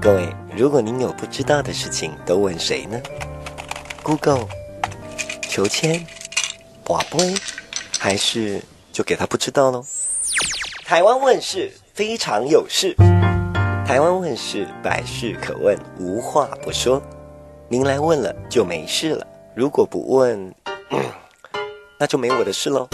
各位，如果您有不知道的事情，都問誰呢？Google、求籤、拔杯，還是就給他不知道嘍？台灣問事非常有事，台灣問事百事可問，無話不說。您來問了就沒事了，如果不問，那就沒我的事嘍。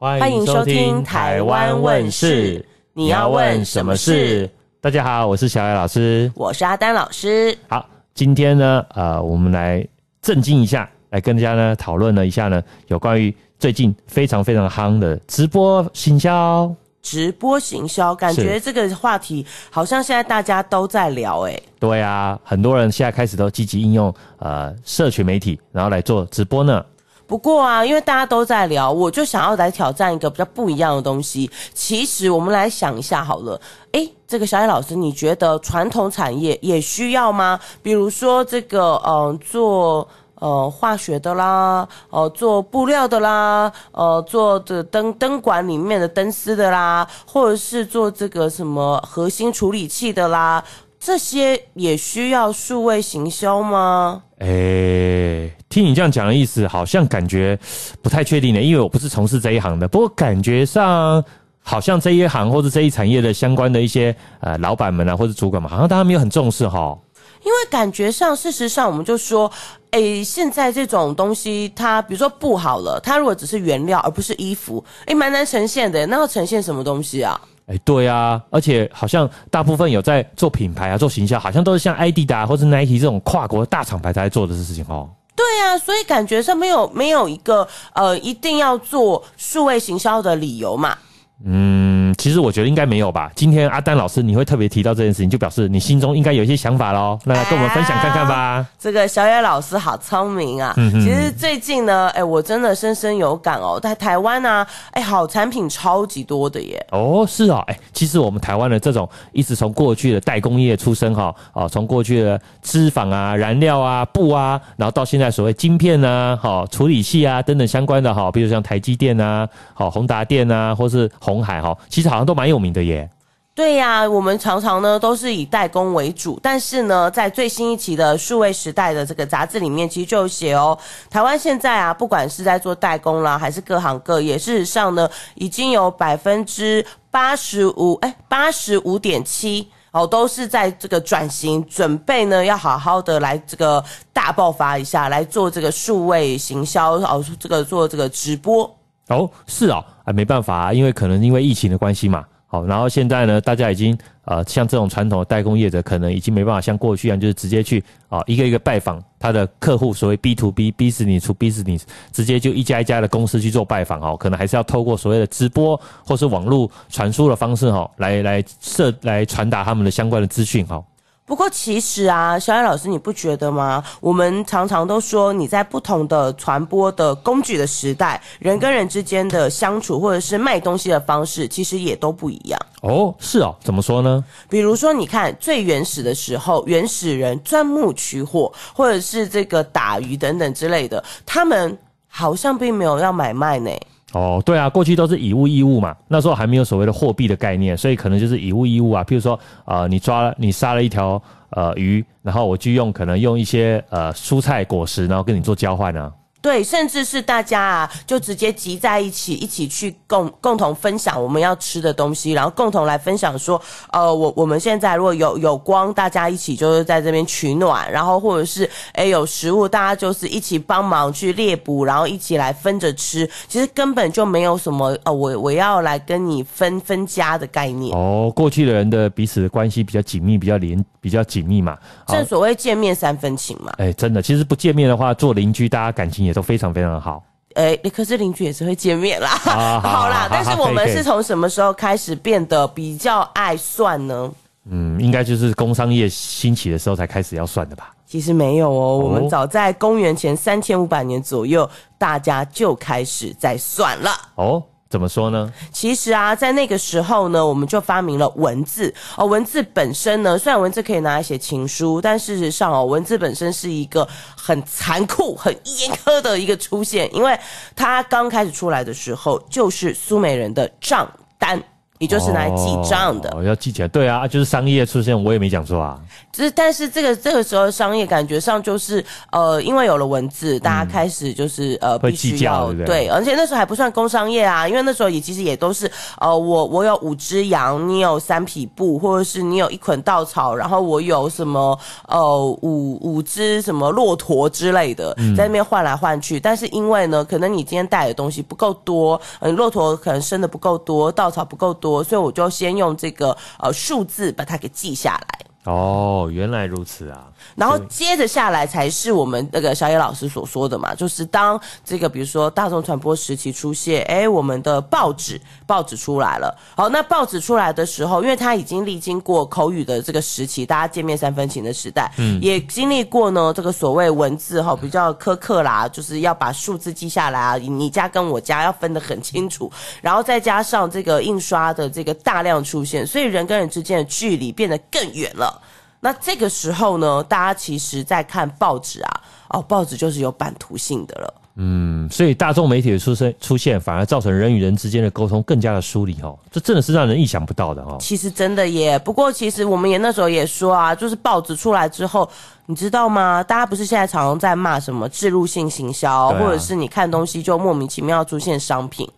歡迎收聽《台灣問事》。你要，你要問什麼事？大家好，我是小艾老師，我是阿丹老師。好，今天呢，呃，我們來震驚一下，來跟大家呢討論了一下呢，有關於最近非常非常夯的直播行銷。直播行銷，感覺這個話題好像現在大家都在聊誒、欸、對啊，很多人現在開始都積極應用呃，社群媒體，然後來做直播呢。不過啊，因為大家都在聊，我就想要來挑戰一個比較不一樣的東西。其實我們來想一下好了，誒，這個小海老師，你覺得傳統產業也需要嗎？比如說這個嗯、呃，做呃化學的啦，呃，做布料的啦，呃，做的燈燈管裡面的燈絲的啦，或者是做這個什麼核心處理器的啦，這些也需要數位行銷嗎？哎、欸，聽你這樣講的意思，好像感覺不太確定的，因為我不是從事這一行的。不過感覺上，好像這一行或者這一產業的相關的一些呃老闆們啊，或者主管們，好像大家沒有很重視哈。因為感覺上，事實上我們就說，哎、欸，現在這種東西它，它比如說布好了，它如果只是原料而不是衣服，哎、欸，蠻難呈現的。那要呈現什麼東西啊？哎，欸、對啊，而且好像大部分有在做品牌啊、做行銷，好像都是像艾迪達或是 Nike 這種跨國大廠牌在做的事情哦。對啊，所以感覺上沒有沒有一個呃，一定要做數位行銷的理由嘛。嗯，其實我覺得應該沒有吧。今天阿丹老師你會特別提到這件事情，就表示你心中應該有一些想法嘍。那來跟我們分享看看吧。哎、這個小野老師好聰明啊！嗯、哼其實最近呢，哎，我真的深深有感哦。在台灣呢、啊，哎，好產品超級多的耶。哦，是啊、哦，哎，其實我們台灣的這種一直從過去的代工業出身哈，啊，從過去的織紡啊、燃料啊、布啊，然後到現在所謂晶片吶、啊、好處理器啊等等相關的哈，比如像台積電吶、啊、好宏達電吶、啊，或是宏紅海哈，其實好像都蠻有名的耶。對呀，啊，我們常常呢都是以代工為主，但是呢，在最新一期的數位時代的這個雜誌裡面，其實就寫哦，台灣現在啊，不管是在做代工啦，還是各行各業，事實上呢，已經有百分之八十五，哎，八十五點七，哦，都是在這個轉型，準備呢，要好好的來這個大爆發一下，來做這個數位行銷哦，這個做這個直播。哦，是哦，啊，沒辦法啊，因為可能因為疫情的關係嘛，好，然後現在呢，大家已經呃，像這種傳統的代工業者，可能已經沒辦法像過去一樣，就是直接去啊、哦、一個一個拜訪他的客戶，所謂 B to B business to business 直接就一家一家的公司去做拜訪哦，可能還是要透過所謂的直播或是網絡傳輸的方式哦，來來設來傳達他們的相關的資訊哈。哦不過其實啊，小愛老師，你不覺得嗎？我們常常都說你在不同的傳播的工具的時代，人跟人之間的相處，或者是賣東西的方式，其實也都不一樣。哦，是啊，哦，怎麼說呢？比如說，你看最原始的時候，原始人鑽木取火，或者是這個打魚等等之類的，他們好像並沒有要買賣呢。哦，對啊，過去都是以物易物嘛，那時候還沒有所謂的貨幣的概念，所以可能就是以物易物啊。譬如說，呃，你抓了你殺了一條呃魚，然後我就用可能用一些呃蔬菜果實，然後跟你做交換呢、啊。對，甚至是大家啊，就直接集在一起，一起去共共同分享我們要吃的東西，然後共同來分享說，呃，我我們現在如果有有光，大家一起就是在這邊取暖，然後或者是哎有食物，大家就是一起幫忙去獵捕，然後一起來分着吃。其實根本就沒有什麼呃，我我要來跟你分分家的概念。哦，過去的人的彼此的關係比較緊密，比較連比較緊密嘛，正所謂見面三分情嘛。哎，真的，其實不見面的話，做鄰居，大家感情也都非常非常的好，哎、欸，可是鄰居也是會見面啦，好，好，好，好，好啦，好好好，但是我們是從什麼時候開始變得比較愛算呢？可以可以，嗯，應該就是工商業興起的時候才開始要算的吧？其實沒有哦，我們早在公元前三千五百年左右，哦、大家就開始在算了哦。怎麼說呢？其實啊，在那個時候呢，我們就發明了文字哦。文字本身呢，雖然文字可以拿來寫情書，但事實上哦，文字本身是一個很殘酷、很嚴苛的一個出現，因為它剛開始出來的時候，就是蘇美人的賬單。就是拿來記賬的、哦哦，要記起來。對啊，就是商業出現，我也沒講錯啊。就是，但是這個這個時候商業感覺上就是呃，因為有了文字，大家開始就是、嗯、呃，會計較是不是。對。而且那時候還不算工商業啊，因為那時候也其實也都是呃，我我有五隻羊，你有三匹布，或者是你有一捆稻草，然後我有什麼呃五五隻什麼駱駝之類的在那邊換來換去。嗯、但是因為呢，可能你今天帶的東西不夠多，嗯、呃，駱駝可能生的不夠多，稻草不夠多。所以我就先用這個呃數字把它給記下來。哦，原來如此啊！然後接着下來才是我們那個小野老師所說的嘛，就是當這個比如說大眾傳播時期出現，哎，我們的報紙報紙出來了。好，那報紙出來的時候，因為它已經歷經過口語的這個時期，大家見面三分情的時代，嗯，也經歷過呢這個所謂文字哈比較苛刻啦，就是要把數字記下來啊，你家跟我家要分得很清楚，然後再加上這個印刷的這個大量出現，所以人跟人之間的距離變得更遠了。那這個時候呢，大家其實，在看報紙啊，哦，報紙就是有版圖性的了。嗯，所以大眾媒體的出生出現，反而造成人與人之間的溝通更加的疏離哦，這真的是讓人意想不到的哦。其實真的耶，不過其實我們也那時候也說啊，就是報紙出來之後，你知道嗎？大家不是現在常常在罵什麼置入性行銷，啊，或者是你看東西就莫名其妙出現商品，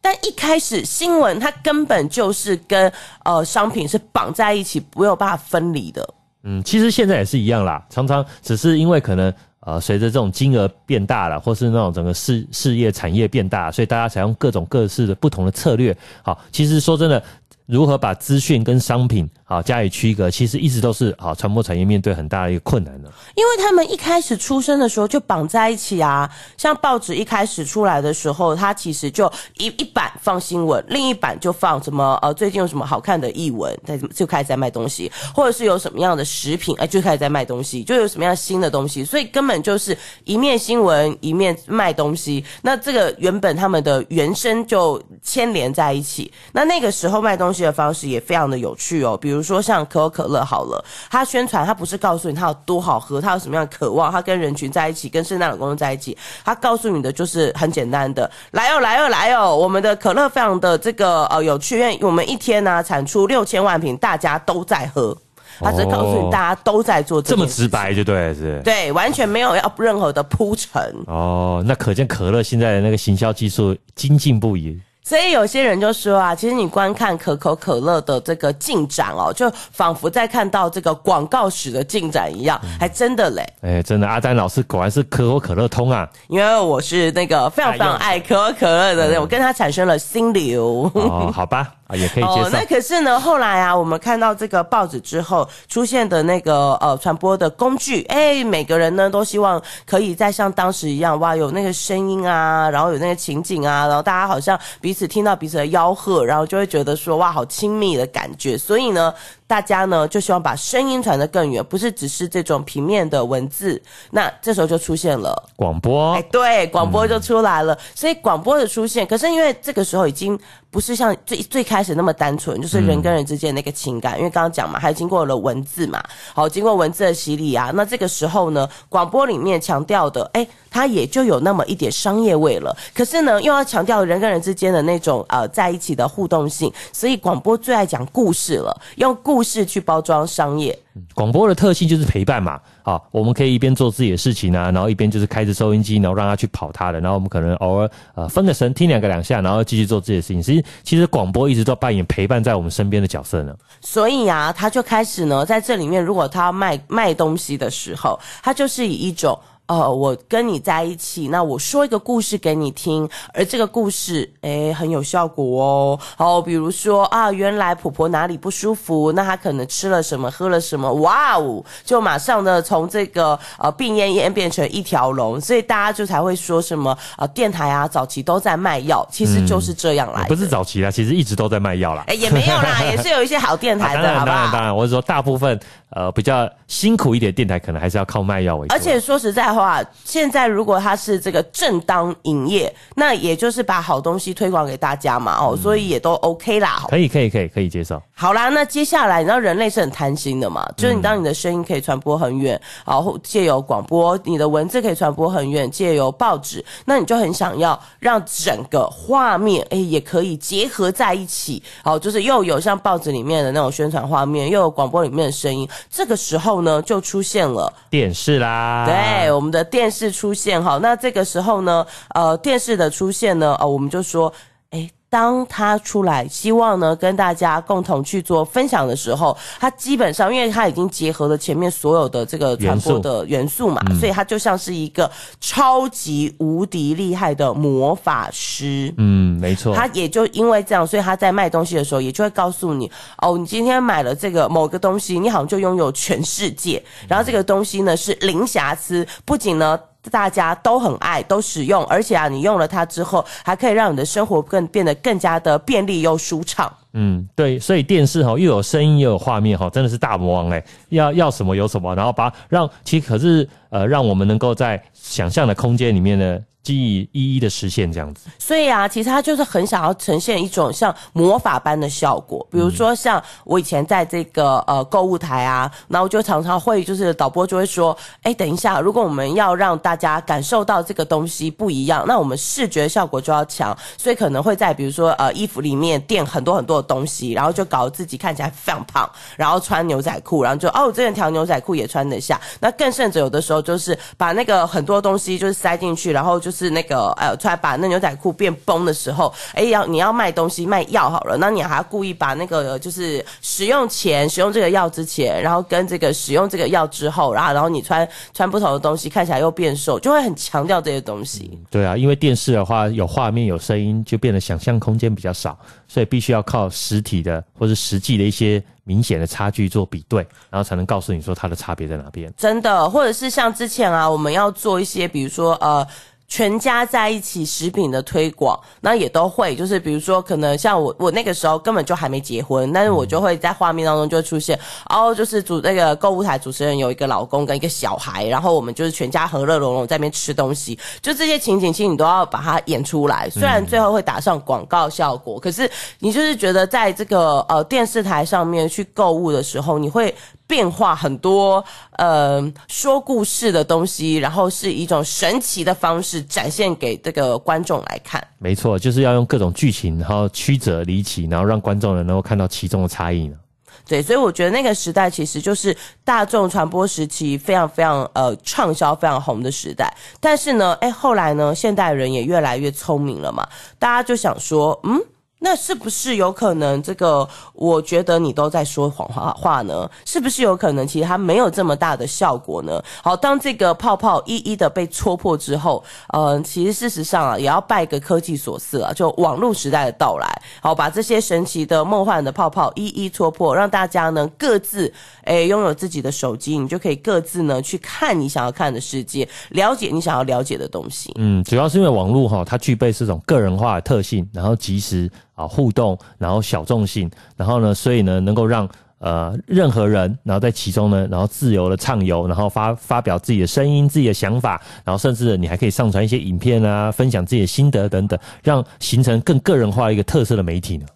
但一開始新聞它根本就是跟呃商品是綁在一起，沒有辦法分離的。嗯，其實現在也是一樣啦，常常只是因為可能呃，隨着這種金額變大了，或是那種整個事事業產業變大，所以大家採用各種各式的不同的策略。好，其實說真的，如何把資訊跟商品好加以區隔，其實一直都是好傳播產業面對很大的一個困難呢、啊。因為他們一開始出生的時候就綁在一起啊。像報紙一開始出來的時候，它其實就一一版放新聞，另一版就放什麼呃最近有什麼好看的藝文，在就開始在賣東西，或者是有什麼樣的食品，哎、呃、就開始在賣東西，就有什麼樣新的東西，所以根本就是一面新聞一面賣東西。那這個原本他們的原生就牽連在一起，那那個時候賣東西的方式也非常的有趣哦，比如。比如說像可口可樂好了，它宣傳它不是告訴你它有多好喝，它有什麼樣的渴望，它跟人群在一起，跟聖誕老公公在一起，它告訴你的就是很簡單的，來哦來哦來哦，我們的可樂非常的這個呃有趣，因為我們一天呢、啊、產出六千萬瓶，大家都在喝，哦、它只是告訴你大家都在做這，這麼直白就對了是？是，對，完全沒有要任何的鋪陳哦，那可見可樂現在的那個行銷技術精進不已。所以有些人就說啊，其實你觀看可口可樂的這個進展哦、喔，就仿佛在看到這個廣告史的進展一樣，嗯、還真的嘞。哎、欸，真的，阿丹老師果然是可口可樂通啊，因為我是那個非常非常愛可口可樂的人，我跟他產生了心流。嗯、 哦，好吧。也可以哦。那可是呢，後來啊，我們看到這個報紙之後出現的那個呃傳播的工具，誒，每個人呢都希望可以再像當時一樣，哇，有那個聲音啊，然後有那個情景啊，然後大家好像彼此聽到彼此的吆喝，然後就會覺得說，哇，好親密的感覺。所以呢。大家呢，就希望把聲音傳得更遠，不是只是這種平面的文字。那這時候就出現了廣播，哎、欸，對，廣播就出來了。嗯，所以廣播的出現，可是因為這個時候已經不是像最最開始那麼單純，就是人跟人之間那個情感。嗯，因為剛剛講嘛，還經過了文字嘛，好，經過文字的洗禮啊。那這個時候呢，廣播裡面強調的，誒、欸。它也就有那麼一點商業味了，可是呢，又要強調人跟人之間的那種呃在一起的互動性，所以廣播最愛講故事了，用故事去包裝商業。嗯、廣播的特性就是陪伴嘛，好、啊，我們可以一邊做自己的事情啊，然後一邊就是開着收音機，然後讓它去跑它的，然後我們可能偶爾呃分個神聽兩個兩下，然後繼續做自己的事情。其實其實廣播一直都扮演陪伴在我們身邊的角色呢。所以啊，他就開始呢，在這裡面，如果他要賣賣東西的時候，他就是以一種。呃，我跟你在一起，那我說一個故事給你聽，而這個故事，哎、欸，很有效果哦。好，比如說啊，原來婆婆哪裡不舒服，那她可能吃了什麼，喝了什麼，哇哦，就馬上的從這個呃病懨懨變成一條龍，所以大家就才會說什麼呃電台啊，早期都在賣藥，其實就是這樣啦、嗯。不是早期啦，其實一直都在賣藥啦。哎、欸，也沒有啦， 也是有一些好電台的，當然好好當然當然，我是說大部分呃比較辛苦一點電台，可能還是要靠賣藥為主、啊。而且說實在話。哇，現在如果他是這個正當營業，那也就是把好東西推廣給大家嘛，哦、嗯，所以也都 OK 啦，可以，可以，可以，可以接受。好啦，那接下來你知道人類是很貪心的嘛？嗯、就是你當你的聲音可以傳播很遠，然後借由廣播，你的文字可以傳播很遠，借由報紙，那你就很想要讓整個畫面誒、欸，也可以結合在一起，好，就是又有像報紙裡面的那種宣傳畫面，又有廣播裡面的聲音，這個時候呢就出現了電視啦。對，我們的電視出現好，那這個時候呢，呃，電視的出現呢，呃，我們就說。當他出來，希望呢跟大家共同去做分享的時候，他基本上因為他已經結合了前面所有的這個傳播的元素嘛，素，嗯，所以他就像是一個超級無敵厲害的魔法師。嗯，沒錯。他也就因為這樣，所以他在賣東西的時候，也就會告訴你：哦，你今天買了這個某個東西，你好像就擁有全世界。然後這個東西呢是零瑕疵，不僅呢。大家都很愛，都使用，而且啊，你用了它之後，還可以讓你的生活更變得更加的便利又舒暢。嗯，對，所以電視哈，又有聲音又有畫面哈，真的是大魔王哎、欸，要要什麼有什麼，然後把讓其實可是。呃，讓我們能夠在想象的空間裡面呢，記憶一一的實現這樣子。所以啊，其實他就是很想要呈現一種像魔法般的效果，比如說像我以前在這個呃購物台啊，然後我就常常會就是導播就會說，哎，等一下，如果我們要讓大家感受到這個東西不一樣，那我們視覺效果就要強，所以可能會在比如說呃衣服裡面墊很多很多的東西，然後就搞得自己看起來非常胖，然後穿牛仔褲，然後就哦，這兩條牛仔褲也穿得下。那更甚者，有的時候。就是把那個很多東西就是塞進去，然後就是那個哎，突然把那牛仔褲變崩的時候，哎、欸，要你要賣東西賣藥好了，那你還要故意把那個就是使用前使用這個藥之前，然後跟這個使用這個藥之後，然後然後你穿穿不同的東西看起來又變瘦，就會很強調這些東西、嗯。對啊，因為電視的話有畫面有聲音，就變得想象空間比較少，所以必須要靠實體的或是實際的一些。明顯的差距做比對，然後才能告訴你說，它的差別在哪邊。真的，或者是像之前啊，我們要做一些，比如說，呃。全家在一起食品的推廣，那也都會，就是比如說，可能像我，我那個時候根本就還沒結婚，但是我就會在畫面當中就會出現，嗯、哦，就是主那個購物台主持人有一個老公跟一個小孩，然後我們就是全家和樂融融在那邊吃東西，就這些情景，其實你都要把它演出來。雖然最後會打上廣告效果，嗯、可是你就是覺得在這個呃電視台上面去購物的時候，你會。變化很多，呃，說故事的東西，然後是一種神奇的方式展現給這個觀眾來看。沒錯，就是要用各種劇情，然後曲折離奇，然後讓觀眾人能夠看到其中的差異呢。對，所以我覺得那個時代其實就是大眾傳播時期非常非常呃暢銷、非常紅的時代。但是呢，哎、欸，後來呢，現代人也越來越聰明了嘛，大家就想說，嗯。那是不是有可能這個，我覺得你都在說謊話話呢？是不是有可能其實它沒有這麼大的效果呢？好，當這個泡泡一一的被戳破之後，嗯，其實事實上啊，也要拜個科技所賜啊，就網絡時代的到來，好，把這些神奇的夢幻的泡泡一一戳破，讓大家呢各自誒擁、欸、有自己的手機，你就可以各自呢去看你想要看的世界，了解你想要了解的東西。嗯，主要是因為網絡哈、哦，它具備這種個人化的特性，然後及時。啊，互動，然後小眾性，然後呢，所以呢，能夠讓呃任何人，然後在其中呢，然後自由的暢遊，然後發發表自己的聲音、自己的想法，然後甚至你還可以上傳一些影片啊，分享自己的心得等等，讓形成更個人化一個特色的媒體呢。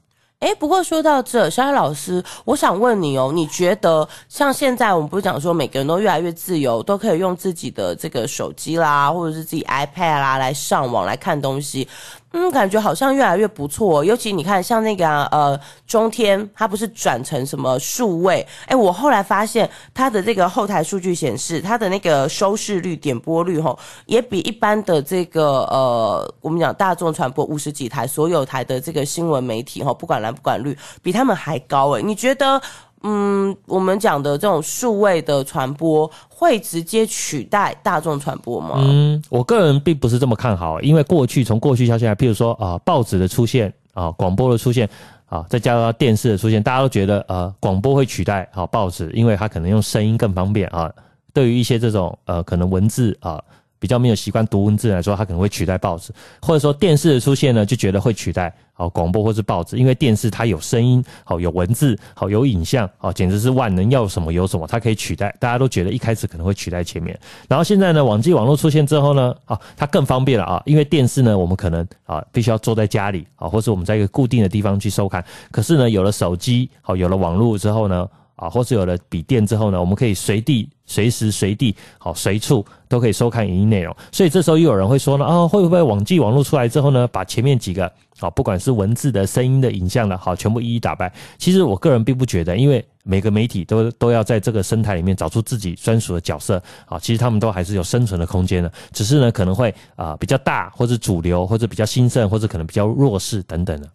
欸，不過說到這，小安老師，我想問你哦，你覺得像現在我們不是講說每個人都越來越自由，都可以用自己的這個手機啦，或者是自己 iPad 啦來上網來看東西。嗯，感覺好像越來越不錯哦。尤其你看，像那個啊，呃，中天，它不是轉成什麼數位，哎，欸，我後來發現它的這個後台數據顯示，它的那個收視率，點播率，吼，也比一般的這個呃，我們講大眾傳播五十幾台所有台的這個新聞媒體，吼，不管藍不管綠，比他們還高，欸。哎，你覺得？嗯，我們講的這種數位的傳播會直接取代大眾傳播嗎？嗯，我個人並不是這麼看好，因為過去從過去到現在，譬如說啊，報紙的出現啊，廣播的出現啊，再加上電視的出現，大家都覺得啊，廣播會取代啊報紙，因為它可能用聲音更方便啊。對於一些這種呃、啊，可能文字啊。比較沒有習慣讀文字來說，它可能會取代報紙，或者說電視的出現呢，就覺得會取代好廣播或是報紙，因為電視它有聲音，好有文字，好有影像，好簡直是萬能，要什麼有什麼，它可以取代，大家都覺得一開始可能會取代前面，然後現在呢，網際網絡出現之後呢，啊，它更方便了啊，因為電視呢，我們可能啊必須要坐在家裡啊，或者我們在一個固定的地方去收看，可是呢，有了手機，好有了網絡之後呢。啊，或是有了筆電之後呢，我們可以隨地、隨時隨地、好、啊、隨處都可以收看影音內容。所以這時候又有人會說呢，啊，會不會網際網絡出來之後呢，把前面幾個啊，不管是文字的、聲音的、影像的，好、啊，全部一一打敗？其實我個人並不覺得，因為每個媒體都都要在這個生態裡面找出自己專屬的角色啊，其實他們都還是有生存的空間的，只是呢，可能會啊比較大，或者主流，或者比較興盛，或者可能比較弱勢等等的。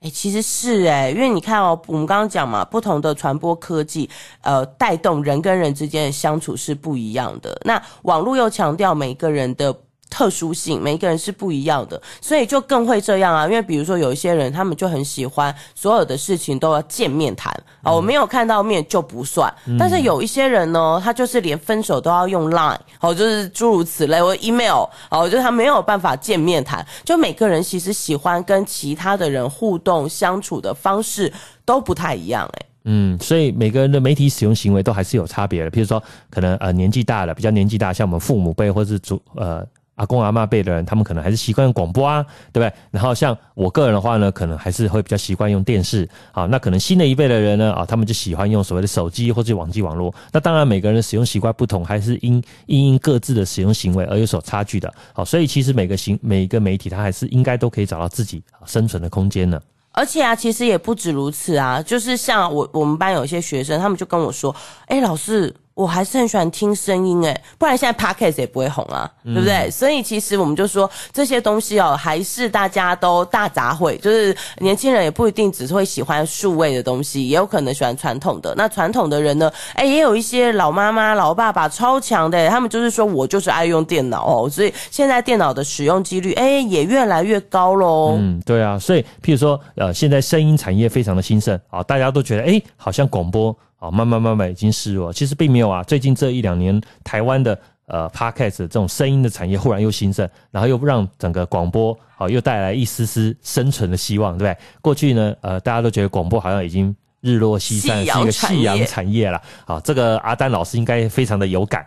欸，其實是欸，因為你看哦，我們剛剛講嘛，不同的傳播科技，呃，帶動人跟人之間的相處是不一樣的。那網絡又強調每一個人的特殊性，每一個人是不一樣的，所以就更會這樣啊。因為比如說有一些人，他們就很喜歡所有的事情都要見面談。哦，我沒有看到面就不算，嗯、但是有一些人呢，他就是連分手都要用 Line，哦，就是諸如此類，或 Email，哦，就是他沒有辦法見面談。就每個人其實喜歡跟其他的人互動相處的方式都不太一樣，欸，哎，嗯，所以每個人的媒體使用行為都還是有差別的，譬如說，可能，呃，年紀大了，比較年紀大，像我們父母輩或是祖呃。阿公阿嬤輩的人，他們可能還是習慣用廣播啊，對不對？然後像我個人的話呢，可能還是會比較習慣用電視。好，那可能新的一輩的人呢，啊，他們就喜歡用所謂的手機或者網際網絡。那當然，每個人的使用習慣不同，還是因因因各自的使用行為而有所差距的。好，所以其實每個行每一個媒體，它還是應該都可以找到自己生存的空間呢。而且啊，其實也不止如此啊，就是像我我們班有一些學生，他們就跟我說，哎，老師。我、哦、還是很喜歡聽聲音哎，不然現在 Podcast 也不會紅啊，嗯、對不對？所以其實我們就說這些東西哦，還是大家都大雜燴，就是年輕人也不一定只是會喜歡數位的東西，也有可能喜歡傳統的。那傳統的人呢，哎，也有一些老媽媽、老爸爸超強的，他們就是說我就是愛用電腦哦，所以現在電腦的使用幾率哎也越來越高嘍。嗯，對啊，所以譬如說呃，現在聲音產業非常的興盛啊、哦，大家都覺得哎，好像廣播。好、哦，慢慢慢慢已經示弱，其實並沒有啊。最近這一兩年，台灣的呃 Podcast 這種聲音的產業忽然又興盛，然後又讓整個廣播好、哦、又帶來一絲絲生存的希望，對不對？過去呢，呃，大家都覺得廣播好像已經日落西山，西是一個夕陽產業了。好、哦，這個阿丹老師應該非常的有感。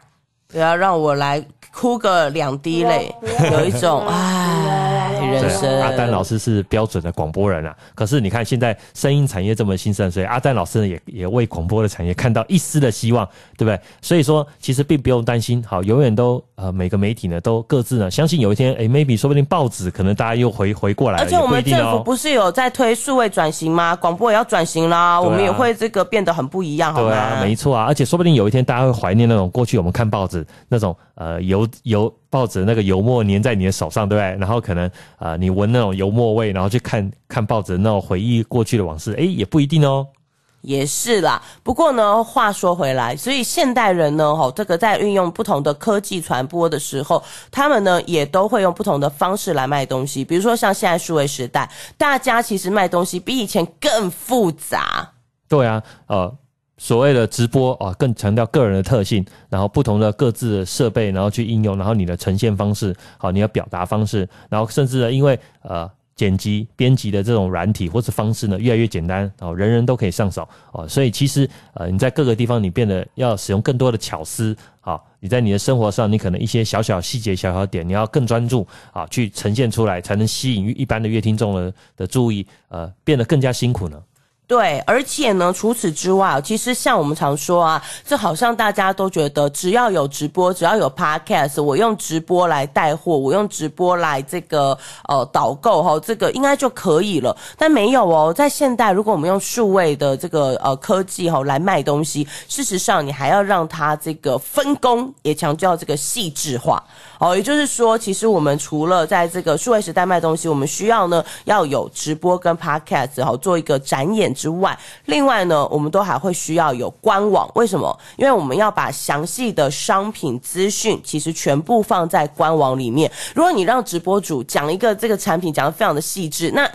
不要讓我來哭個兩滴淚，yeah, yeah. 有一種 Yeah. 唉，Yeah. 人生。阿丹老師是標準的廣播人啊，可是你看現在聲音產業這麼興盛，所以阿丹老師也也為廣播的產業看到一絲的希望，對不對？所以說其實並不用擔心，好，永遠都呃每個媒體呢都各自呢，相信有一天，誒、欸、maybe 說不定報紙可能大家又回回過來、哦。而且我們政府不是有在推數位轉型嗎？廣播也要轉型啦，啊、我們也會這個變得很不一樣好。對吧、啊？沒錯啊，而且說不定有一天大家會懷念那種過去我們看報紙。那種呃油油報紙那個油墨粘在你的手上，對不對？然後可能呃你聞那種油墨味，然後去看看報紙那種回憶過去的往事，哎、欸，也不一定哦、喔。也是啦，不過呢，話說回來，所以現代人呢，哦，這個在運用不同的科技傳播的時候，他們呢也都會用不同的方式來賣東西。比如說像現在數位時代，大家其實賣東西比以前更複雜。對啊，呃。所謂的直播啊，更強調個人的特性，然後不同的各自的設備，然後去應用，然後你的呈現方式，好，你的表達方式，然後甚至呢，因為呃剪輯編輯的這種軟體或是方式呢，越來越簡單哦，人人都可以上手哦，所以其實呃你在各個地方你變得要使用更多的巧思啊，你在你的生活上你可能一些小小細節、小小點，你要更專注啊，去呈現出來，才能吸引一般的閱聽眾了的注意，呃，變得更加辛苦呢。對，而且呢，除此之外，其實像我們常說啊，就好像大家都覺得只要有直播，只要有 podcast，我用直播來帶貨，我用直播來這個呃導購哈，這個應該就可以了。但沒有哦，在現代，如果我們用數位的這個呃科技哈，哦，來賣東西，事實上你還要讓它這個分工也強調這個細緻化哦。也就是說，其實我們除了在這個數位時代賣東西，我們需要呢要有直播跟 podcast 哈，哦，做一個展演。之外，另外呢，我們都還會需要有官網。為什麼？因為我們要把詳細的商品資訊，其實全部放在官網裡面。如果你讓直播主講一個這個產品，講得非常的細緻，那。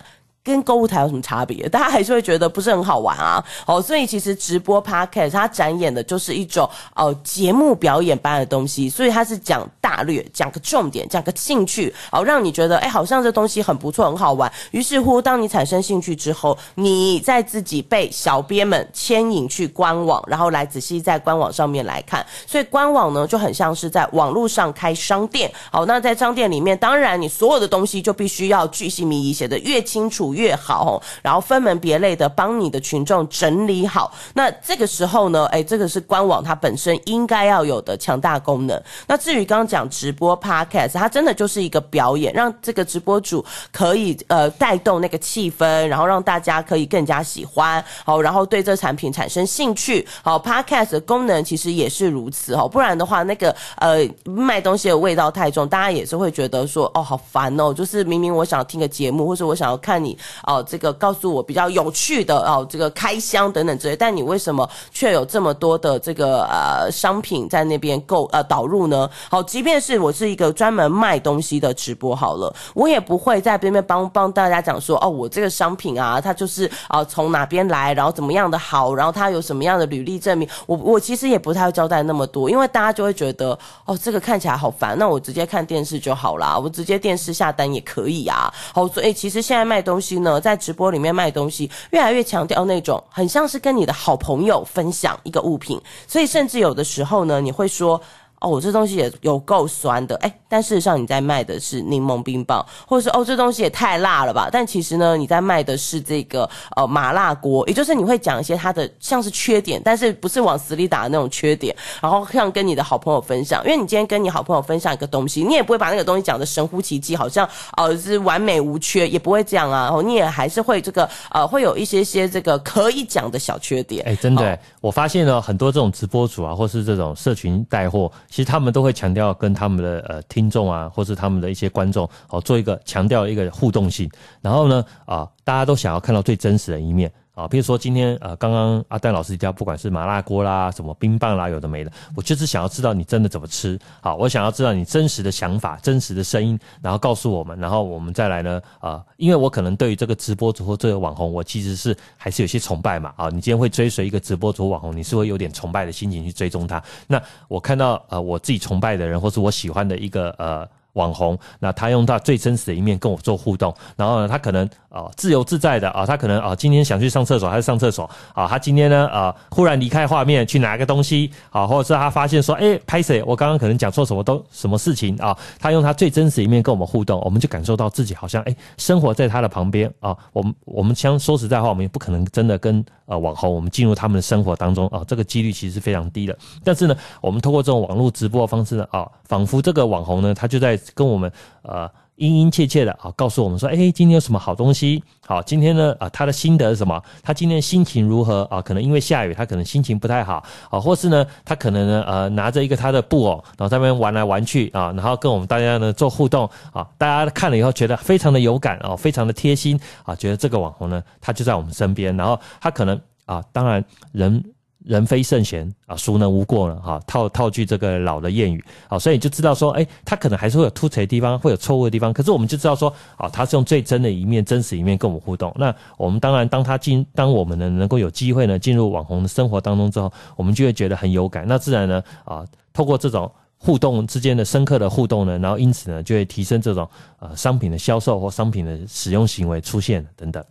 跟購物台有什麼差別？大家還是會覺得不是很好玩啊！哦，所以其實直播 podcast 它展演的就是一種哦、呃、節目表演般的東西，所以它是講大略，講個重點，講個興趣，哦，讓你覺得哎、欸，好像這東西很不錯，很好玩。於是乎，當你產生興趣之後，你再自己被小編們牽引去官網，然後來仔細在官網上面來看。所以官網呢，就很像是在網路上開商店。好，那在商店裡面，當然你所有的東西就必須要巨細靡遺，寫得越清楚。越好哦，然後分門別類的幫你的群眾整理好。那這個時候呢，哎，這個是官網它本身應該要有的強大功能。那至於剛剛講直播 Podcast，它真的就是一個表演，讓這個直播主可以呃帶動那個氣氛，然後讓大家可以更加喜歡好，然後對這產品產生興趣。好，Podcast 的功能其實也是如此哦，不然的話，那個呃賣東西的味道太重，大家也是會覺得說哦，好煩哦，就是明明我想要聽個節目，或者我想要看你。哦，這個告訴我比較有趣的哦，這個開箱等等之類。但你為什麼卻有這麼多的這個呃商品在那邊購呃導入呢？好，即便是我是一個專門賣東西的直播好了，我也不會在邊邊幫幫大家講說哦，我這個商品啊，它就是啊、呃、從哪邊來，然後怎麼樣的好，然後它有什麼樣的履歷證明。我我其實也不太會交代那麼多，因為大家就會覺得哦，這個看起來好煩，那我直接看電視就好啦，我直接電視下單也可以呀、啊。好，所以其實現在賣東西。呢，在直播裡面賣東西，越來越強調那種，很像是跟你的好朋友分享一個物品，所以甚至有的時候呢，你會說。哦，我這東西也有夠酸的哎、欸，但事實上你在賣的是檸檬冰棒，或者是哦，這東西也太辣了吧？但其實呢，你在賣的是這個呃麻辣鍋，也就是你會講一些它的像是缺點，但是不是往死裡打的那種缺點，然後像跟你的好朋友分享，因為你今天跟你好朋友分享一個東西，你也不會把那個東西講得神乎其技，好像哦、呃、是完美無缺，也不會這樣啊，然後你也還是會這個呃會有一些些這個可以講的小缺點。哎、欸，真的、欸、哦、我發現了很多這種直播主啊，或是這種社群帶貨。其實他們都會強調跟他們的呃聽眾啊，或是他們的一些觀眾，好，做一個強調一個互動性。然後呢，啊，大家都想要看到最真實的一面。啊，比如說今天呃，剛剛阿丹老師提到，不管是麻辣鍋啦，什麼冰棒啦，有的沒的，我就是想要知道你真的怎麼吃。好，我想要知道你真實的想法、真實的聲音，然後告訴我們，然後我們再來呢。呃，因為我可能對於這個直播主或這個網紅，我其實是還是有些崇拜嘛。啊、哦，你今天會追隨一個直播主網紅，你是會有點崇拜的心情去追蹤他。那我看到呃，我自己崇拜的人，或是我喜歡的一個呃。網紅，那他用他最真實的一面跟我做互動，然後呢，他可能啊、呃、自由自在的啊，他可能啊今天想去上廁所還是上廁所啊，他今天呢呃忽然離開畫面去拿個東西啊，或者是他發現說哎拍謝我剛剛可能講錯什麼東什麼事情啊，他用他最真實的一面跟我們互動，我們就感受到自己好像哎、欸、生活在他的旁邊啊，我們我們相說實在話，我們也不可能真的跟呃網紅我們進入他們的生活當中啊，這個幾率其實是非常低的，但是呢，我們通過這種網絡直播的方式呢啊，仿佛這個網紅呢他就在。跟我們呃殷殷切切的啊，告訴我們說，誒、欸，今天有什麼好東西？好、啊，今天呢啊、呃，他的心得是什麼？他今天心情如何啊？可能因為下雨，他可能心情不太好啊，或是呢，他可能呢呃拿着一個他的布偶，然後在那邊玩來玩去啊，然後跟我們大家呢做互動啊，大家看了以後覺得非常的有感哦、啊，非常的貼心啊，覺得這個網紅呢，他就在我們身邊，然後他可能啊，當然人。人非聖賢啊，孰能無過呢？哈、啊，套套句這個老的諺語，好、啊，所以你就知道說，哎、欸，他可能還是會有凸槌的地方，會有錯誤的地方。可是我們就知道說，啊他是用最真的一面、真實一面跟我們互動。那我們當然，當他進，當我們呢能夠有機會呢進入網紅的生活當中之後，我們就會覺得很有感。那自然呢，啊，透過這種互動之間的深刻的互動呢，然後因此呢就會提升這種啊商品的銷售或商品的使用行為出現等等。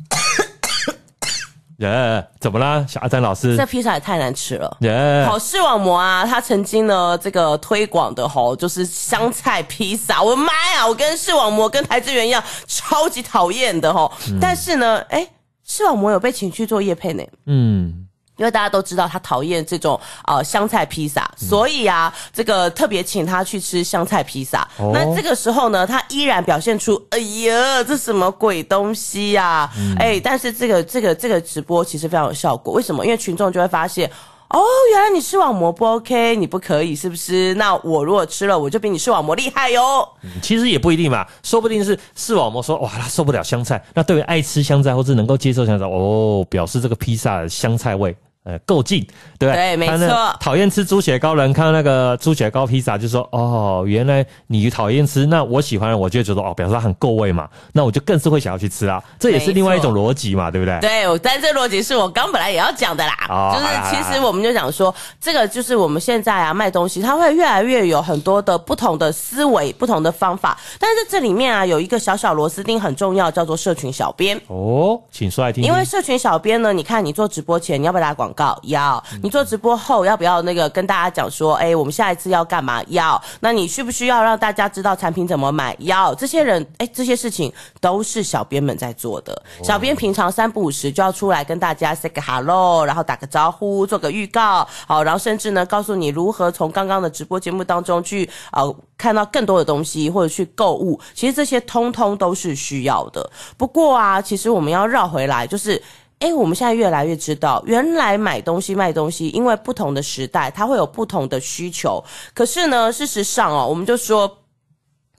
耶，yeah, 怎麼啦，小阿詹老師？這披薩也太難吃了！耶。Yeah. 好，視網膜啊，他曾經呢，這個推廣的吼，就是香菜披薩。我的媽呀，我跟視網膜跟台資源一樣，超級討厭的吼。嗯、但是呢，誒、欸、視網膜有被請去做業配呢。嗯。因為大家都知道他討厭這種啊、呃、香菜披薩，所以啊，嗯、這個特別請他去吃香菜披薩。哦、那這個時候呢，他依然表現出哎呀，這什麼鬼東西呀、啊？哎、嗯欸，但是這個這個這個直播其實非常有效果。為什麼？因為群眾就會發現，哦，原來你視網膜不 OK，你不可以，是不是？那我如果吃了，我就比你視網膜厲害喲、哦嗯。其實也不一定嘛，說不定是視網膜說，哇，他受不了香菜。那對於愛吃香菜或是能夠接受香菜，哦，表示這個披薩的香菜味。呃，夠勁，對不對？對，沒錯。討厭吃豬血糕人，看到那個豬血糕披薩，就說：“哦，原來你討厭吃，那我喜歡，我就覺得哦，表示它很夠味嘛，那我就更是會想要去吃啊。”這也是另外一種邏輯嘛，沒錯。對不對？對，但這邏輯是我剛本來也要講的啦，哦、就是其實我們就講說，哦、啦啦啦啦這個就是我們現在啊賣東西，它會越來越有很多的不同的思維、不同的方法，但是這裡面啊有一個小小螺絲釘很重要，叫做社群小編哦，請說來聽聽。因為社群小編呢，你看你做直播前，你要不要打廣告？要。你做直播後要不要那個跟大家講說，誒、欸，我們下一次要幹嘛？要。那你需不需要讓大家知道產品怎麼買？要。這些人，誒、欸，這些事情都是小編們在做的。小編平常三不五時就要出來跟大家 say 個 hello，然後打個招呼，做個預告，好，然後甚至呢，告訴你如何從剛剛的直播節目當中去呃看到更多的東西或者去購物。其實這些通通都是需要的。不過啊，其實我們要繞回來，就是。哎、欸，我們現在越來越知道，原來買東西賣東西，因為不同的時代，它會有不同的需求。可是呢，事實上哦，我們就說，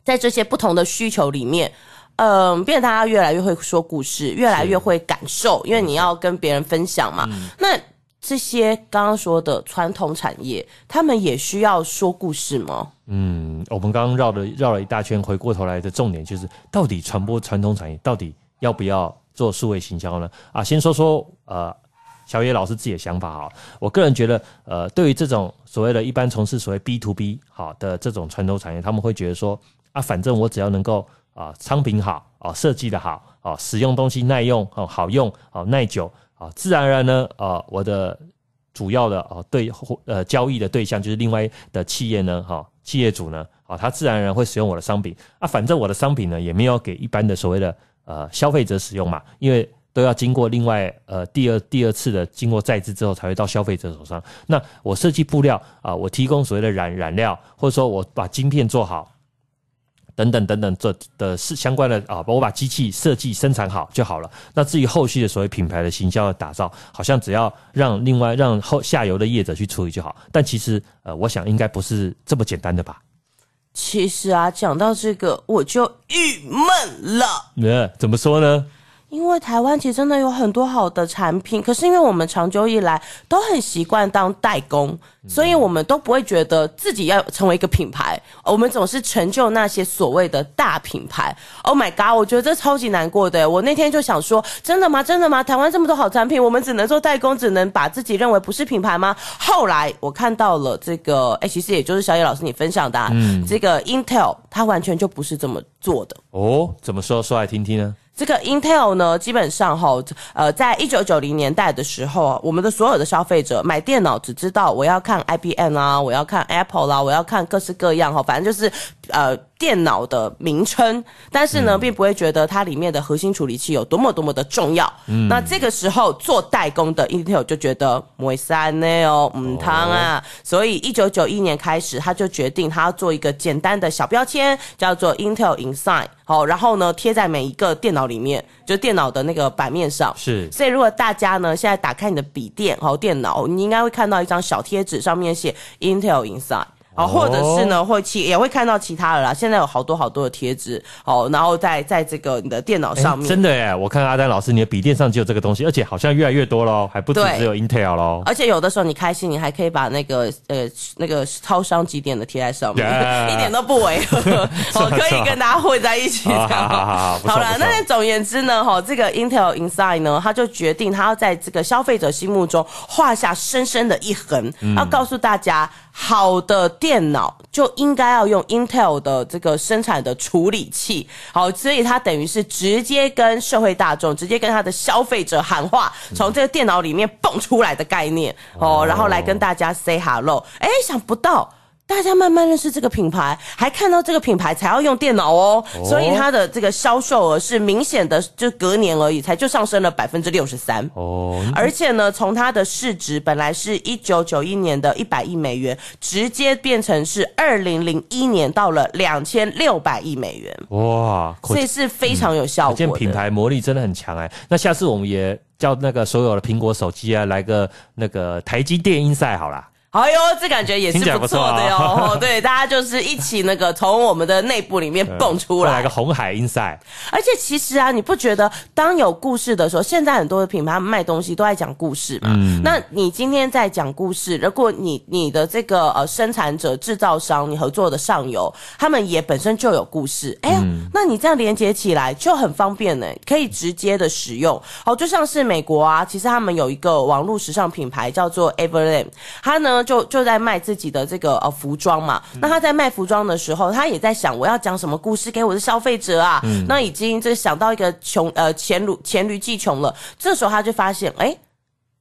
在這些不同的需求裡面，嗯、呃，變得大家越來越會說故事，越來越會感受，是因為你要跟別人分享嘛。是那這些剛剛說的傳統產業，他們也需要說故事嗎？嗯，我們剛剛繞了繞了一大圈，回過頭來的重點就是，到底傳播傳統產業，到底要不要？做數位行銷呢？啊，先說說呃，小野老師自己的想法哈。我個人覺得，呃，對於這種所謂的一般從事所謂 B to B 哈的這種傳統產業，他們會覺得說，啊，反正我只要能夠啊，商品好啊，設計得好啊，使用東西耐用啊，好用啊，耐久啊，自然而然呢啊，我的主要的啊對呃交易的對象就是另外的企業呢哈、啊，企業主呢啊，他自然而然會使用我的商品啊，反正我的商品呢也沒有給一般的所謂的。呃，消費者使用嘛，因為都要經過另外呃第二第二次的經過再制之後，才會到消費者手上。那我設計布料啊、呃，我提供所謂的染染料，或者說我把晶片做好，等等等等，這的是相關的啊、呃，我把機器設計生產好就好了。那至於後續的所謂品牌的行銷的打造，好像只要讓另外讓後下游的業者去處理就好。但其實呃，我想應該不是這麼簡單的吧。其實啊，講到這個我就鬱悶了。呃，yeah, 怎麼說呢？因為台灣其實真的有很多好的產品，可是因為我們長久以來都很習慣當代工，嗯、所以我們都不會覺得自己要成為一個品牌。我們總是成就那些所謂的大品牌。Oh my god！我覺得這超級難過的。我那天就想說，真的嗎？真的嗎？台灣這麼多好產品，我們只能做代工，只能把自己認為不是品牌嗎？後來我看到了這個，哎、欸，其實也就是小野老師你分享的、啊，嗯，這個 Intel 它完全就不是這麼做的。哦，怎麼說？說來聽聽呢？這個 Intel 呢，基本上哈，呃，在一九九零年代的時候，我們的所有的消費者買電腦只知道我要看 IBM 啦，我要看 Apple 啦，啊，我要看各式各樣哈，反正就是。呃，電腦的名稱，但是呢，嗯、並不會覺得它裡面的核心處理器有多麼多麼的重要。嗯，那這個時候做代工的 Intel 就覺得沒三奈哦，嗯湯啊，所以一九九一年開始，他就決定他要做一個簡單的小標籤，叫做 Intel Inside。好，然後呢，貼在每一個電腦裡面，就電腦的那個板面上。是，所以如果大家呢現在打開你的筆電或電腦，你應該會看到一張小貼紙，上面寫 Intel Inside。哦，或者是呢，會其也會看到其他的啦。現在有好多好多的貼紙，好，然後在在這個你的電腦上面、欸，真的耶，我看阿丹老師你的筆電上就有這個東西，而且好像越來越多咯，還不止只有 Intel 咯。而且有的時候你開心，你還可以把那個呃那個超商集點的貼在上面，yeah, yeah, yeah. 一點都不違和、 哦，可以跟大家混在一起、哦。好好好，好，好了啦，錯那總言之呢，哈、哦，這個 Intel Inside 呢，他就決定他要在這個消費者心目中畫下深深的一橫，嗯、要告訴大家。好的電腦就應該要用 Intel 的這個生產的處理器，好，所以它等於是直接跟社會大眾，直接跟它的消費者喊話，從這個電腦裡面蹦出來的概念，嗯、哦，然後來跟大家 say hello，哎、欸，想不到。大家慢慢認識這個品牌，還看到這個品牌才要用電腦，喔、哦，所以它的這個銷售額是明顯的，就隔年而已才就上升了百分之六十三哦。而且呢，從、嗯、它的市值本來是一九九一年的一百億美元，直接變成是二零零一年到了兩千六百億美元哇，所以是非常有效果。這、嗯、品牌魔力真的很強哎、欸，那下次我們也叫那個所有的蘋果手機啊來個那個台積電音賽好了。哎呦，這感覺也是不錯的喲！對，大家就是一起那個從我們的內部裡面蹦出來。來個紅海 inside。而且其實啊，你不覺得當有故事的時候，現在很多的品牌賣東西都在講故事嘛？嗯。那你今天在講故事，如果你你的這個呃生產者、制造商，你合作的上游，他們也本身就有故事。哎呀，嗯、那你這樣連接起來就很方便呢，可以直接的使用。好，就像是美國啊，其實他們有一個網絡時尚品牌叫做 Everlane 它呢。就就在賣自己的這個呃服裝嘛，嗯、那他在賣服裝的時候，他也在想我要講什麼故事給我的消費者啊，嗯、那已經就想到一個窮呃黔驢黔驢技窮了，這時候他就發現誒。欸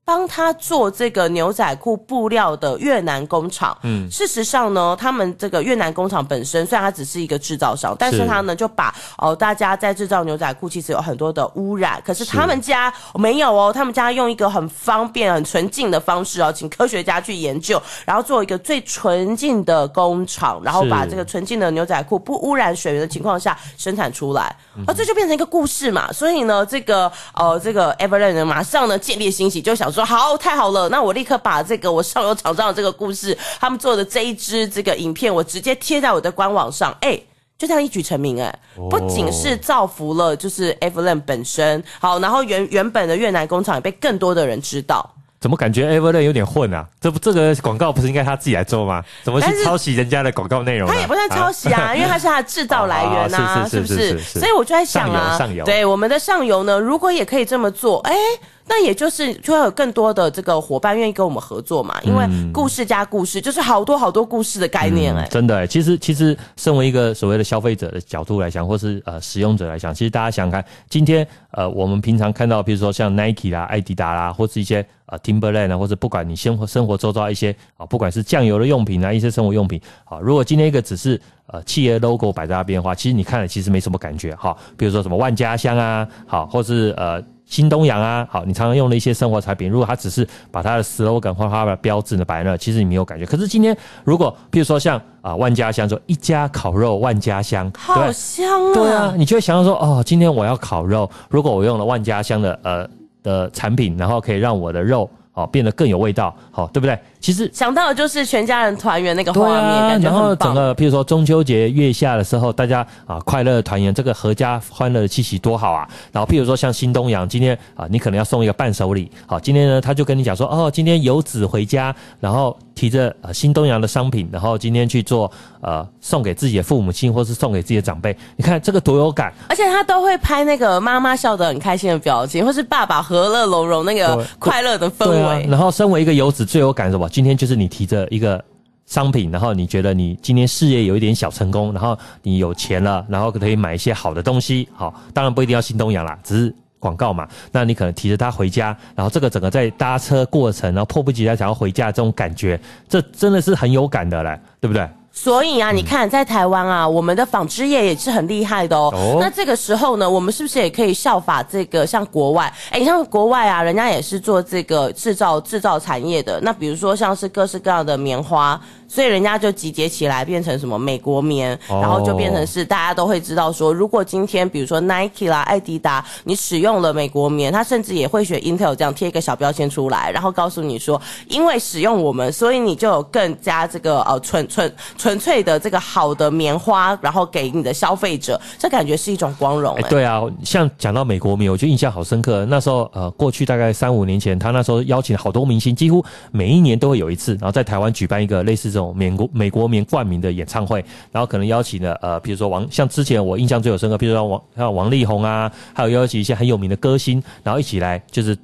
幫他做這個牛仔褲布料的越南工廠。嗯，事實上呢，他們這個越南工廠本身雖然它只是一個製造商，是但是它呢就把哦、呃，大家在製造牛仔褲其實有很多的汙染，可是他們家是、哦、沒有哦，他們家用一個很方便、很純淨的方式哦，請科學家去研究，然後做一個最純淨的工廠，然後把這個純淨的牛仔褲不汙染水源的情況下生產出來啊，是這就變成一個故事嘛。嗯、哼所以呢，這個呃，這個 Everlane 馬上呢建立信息就想說。說好，太好了！那我立刻把這個我上游廠商的這個故事，他們做的這一支這個影片，我直接貼在我的官網上，哎、欸，就這樣一舉成名哎、欸！不僅是造福了就是 Evelyn 本身，好，然後原原本的越南工廠也被更多的人知道。怎麼感覺 Evelyn 有點混啊？這不，這個廣告不是應該他自己來做嗎？怎麼去抄襲人家的廣告內容？他也不算抄襲啊，啊 因為他是他的制造來源啊，啊啊是，是，是，是不是？是是是是是，所以我就在想啊，對我們的上游呢，如果也可以這麼做，哎、欸。那也就是就會有更多的這個夥伴願意跟我們合作嘛，因為故事加故事就是好多好多故事的概念誒、欸嗯。真的誒、欸，其實其實身為一個所謂的消費者的角度來講，或是呃使用者來講，其實大家想看今天呃我們平常看到，比如說像 Nike 啦、愛迪達啦，或是一些呃 Timberland 啊，或者不管你生活生活周遭一些啊，不管是醬油的用品啊，一些生活用品啊，如果今天一個只是。呃，企業 logo 擺在那邊的話，其實你看了其實沒什麼感覺哈。比、哦、如說什麼萬家香啊，好、哦，或是呃新東陽啊，好、哦，你常常用的一些生活產品，如果它只是把它的 slogan 或者它的標誌呢擺那，其實你沒有感覺。可是今天，如果比如說像啊、呃、萬家香說一家烤肉萬家香，好香啊對，對啊，你就會想到說哦，今天我要烤肉，如果我用了萬家香的呃的產品，然後可以讓我的肉好、哦、變得更有味道，好、哦，對不對？其實想到的就是全家人團圓那個畫面、啊，然後整個，譬如說中秋節月下的時候，大家啊快樂團圓，這個闔家歡樂的氣息多好啊！然後譬如說像新東陽，今天啊你可能要送一個伴手禮，好、啊，今天呢他就跟你講說，哦，今天遊子回家，然後提着呃、啊、新東陽的商品，然後今天去做呃送給自己的父母親，或是送給自己的長輩，你看這個多有感，而且他都會拍那個媽媽笑得很開心的表情，或是爸爸和樂融融那個快樂的氛圍、啊。然後身為一個遊子最有感什麼？今天就是你提着一個商品，然後你覺得你今天事業有一點小成功，然後你有錢了，然後可以買一些好的東西。好，當然不一定要新東陽啦，只是廣告嘛。那你可能提着它回家，然後這個整個在搭車過程，然後迫不及待想要回家這種感覺，這真的是很有感的嘞，對不對？所以啊，嗯、你看，在台灣啊，我們的紡織業也是很厲害的哦。哦，那這個時候呢，我們是不是也可以效法這個像國外？哎、欸，你像國外啊，人家也是做這個製造製造產業的。那比如說，像是各式各樣的棉花。所以人家就集結起來變成什麼美國棉，然後就變成是大家都會知道說，如果今天比如說 Nike 啦、愛迪達，你使用了美國棉，他甚至也會學 Intel 這樣貼一個小標籤出來，然後告訴你說，因為使用我們，所以你就有更加這個呃純純純粹的這個好的棉花，然後給你的消費者，這感覺是一種光榮、欸。欸、對啊，像講到美國棉，我就印象好深刻。那時候呃，過去大概三五年前，他那時候邀請了好多明星，幾乎每一年都會有一次，然後在台灣舉辦一個類似這種。美國美國棉冠名的演唱會，然後可能邀請了呃，比如說王，像之前我印象最有深刻，比如說王，還有王力宏啊，還有邀請一些很有名的歌星，然後一起來就是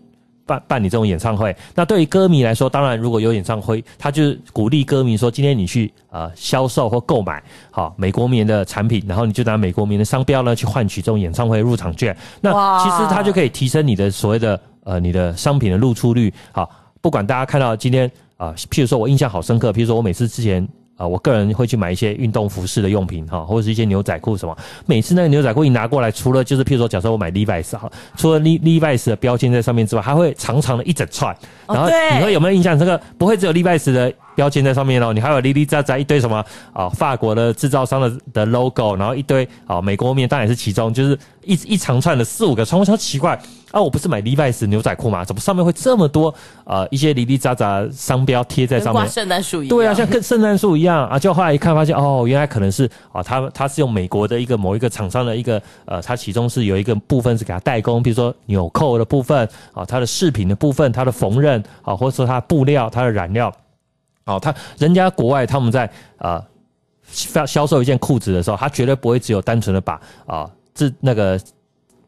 辦辦理這種演唱會。那對於歌迷來說，當然如果有演唱會，他就鼓勵歌迷說，今天你去呃銷售或購買好、哦、美國棉的產品，然後你就拿美國棉的商標呢去換取這種演唱會的入場券。那其實他就可以提升你的所謂的呃你的商品的露出率。好、哦，不管大家看到今天。啊、呃，譬如說我印象好深刻，譬如說我每次之前啊、呃，我個人會去買一些運動服飾的用品哈，或者是一些牛仔褲什麼。每次那個牛仔褲一拿過來，除了就是譬如說，假設我買 Levi's 哈，除了 Levi's 的標籤在上面之外，還會長長的一整串。哦、然後你會有沒有印象？對這個不會只有 Levi's 的標籤在上面哦，你還有哩哩喳喳一堆什麼啊？法國的製造商的的 logo，然後一堆啊，美國面當然也是其中，就是一一長串的四五個，超超奇怪。啊，我不是買 Levi's 牛仔褲嗎？怎麼上面會這麼多，呃，一些哩哩雜雜商標貼在上面？像聖誕樹一樣。對啊，像跟聖誕樹一樣 啊！就後來一看發現，哦，原來可能是啊，他、哦、他是用美國的一個某一個廠商的一個呃，他其中是有一個部分是給他代工，比如說紐扣的部分啊，他、哦、的飾品的部分，他的縫紉啊，或者說他布料、他的染料啊，他、哦、人家國外他們在啊，銷、呃、售一件褲子的時候，他絕對不會只有單純的把啊，這、哦、那個。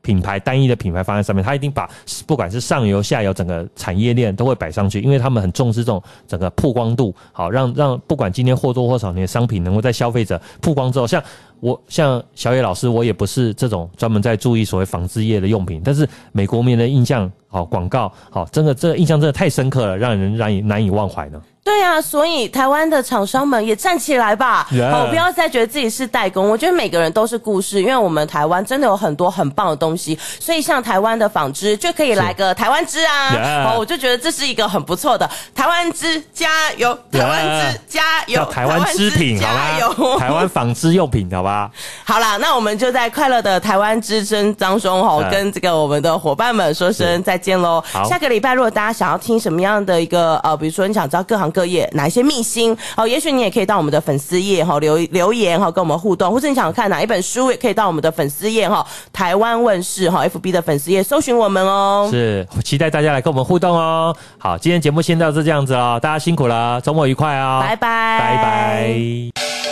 品牌單一的品牌方案上面，它一定把不管是上游、下游整個產業鏈都會擺上去，因為他們很重視這種整個曝光度，好讓讓不管今天或多或少你的商品能夠在消費者曝光之後，像。我像小野老師，我也不是這種專門在注意所謂紡織業的用品，但是美國面的印象，好廣告好，真的，這個印象真的太深刻了，讓人難以難以忘懷呢。對啊，所以台灣的廠商們也站起來吧，Yeah. 好，不要再覺得自己是代工。我覺得每個人都是故事，因為我們台灣真的有很多很棒的東西，所以像台灣的紡織就可以來個台灣織啊！哦 Yeah.，我就覺得這是一個很不錯的台灣織，加油！台灣織，加油！Yeah. 台灣織品，加油！台灣紡織用品，好吧。好，好啦，那我們就在快樂的台灣之聲當中哈，是跟這個我們的夥伴們說聲是再見嘍。好下個禮拜，如果大家想要聽什麼樣的一個呃，比如說你想知道各行各業哪一些秘辛，好、喔，也許你也可以到我們的粉絲頁哈留留言哈、喔，跟我們互動，或者你想，想看哪一本書，也可以到我們的粉絲頁哈，台灣問世哈、喔、，FB 的粉絲頁搜尋我們哦、喔。是，我期待大家來跟我們互動哦、喔。好，今天節目先到這樣子哦。大家辛苦了，週末愉快哦、喔，拜拜，拜拜。拜拜。